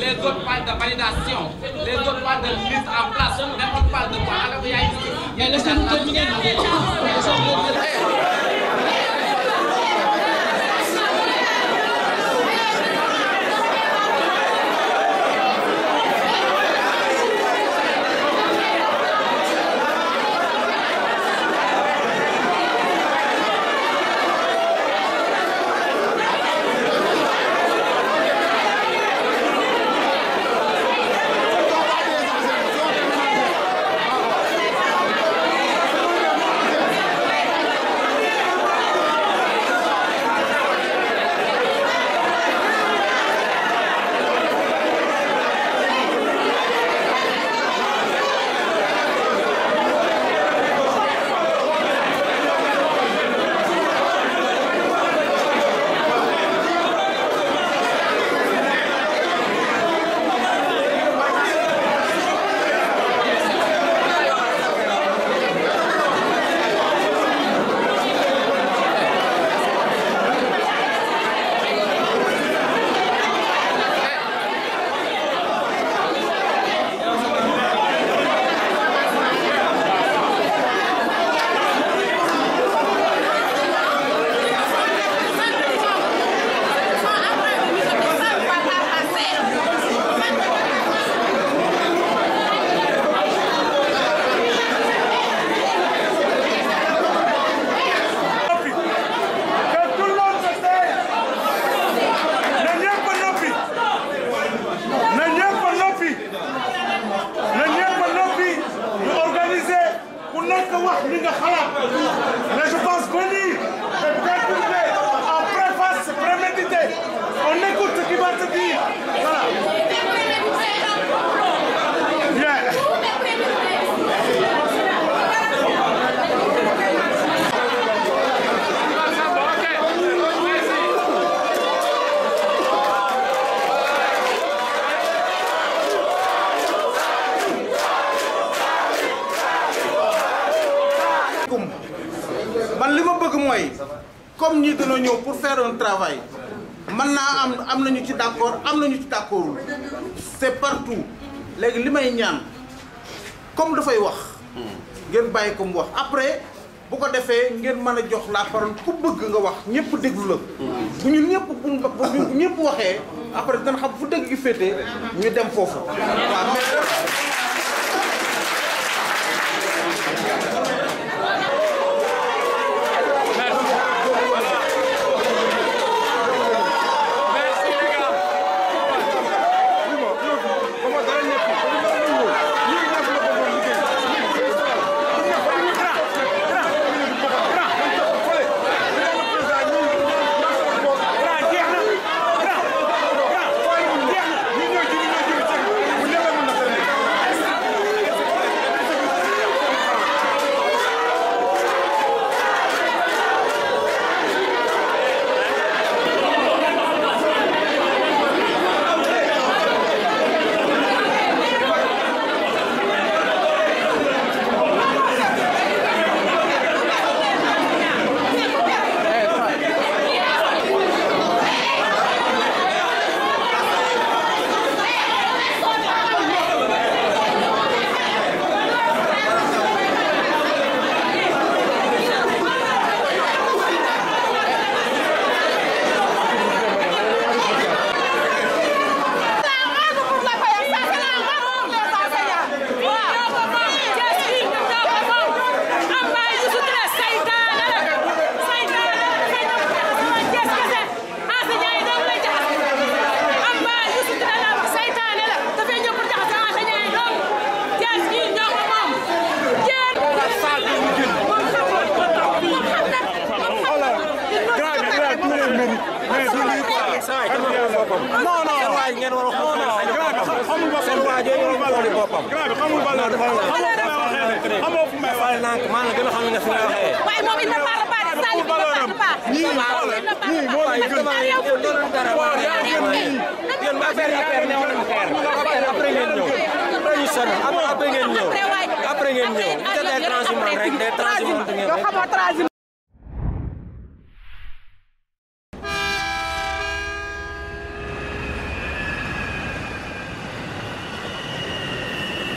les autres parlent de validation, les autres parlent de mise en place, n'importe parle de quoi. Alors il y a une... nekk wax li nga xalaat mais je pense venir et perturber en préface prémédité on écoute ce qu'il va te dire voilà. mooy comme ñii dañoo ñëw pour faire un travail man naa am am nañu ci d'accord am nañu ci d'accordul c'est partout léegi li may ñaan comme dafay wax ngeen bàyyi ko mu wax après bu ko defee ngeen mën a jox la parole ku bëgg nga wax ñëpp déglu la bu ñu ñëpp bu ñëpp waxee après dana xam fu dëgg gi féete ñu dem foofu waaw boppam. non non seen waay ngeen war a non non xamul boppam seen waay yooyu ngeen war a xooli boppam. xamul boppam non dafa nank maa la gën a xam ne fi nga waxee. waaye moom it na pas la pas de Salim bi nga pas de pas. ñii xoolal ñii moo lay gën waaye doon dara waaye yéen affaire yi affaire newoon nañu xeer après ngeen ñëw dañuy sonn après ngeen ñëw après ngeen ñëw te day transhumant rek day transhumant ngeen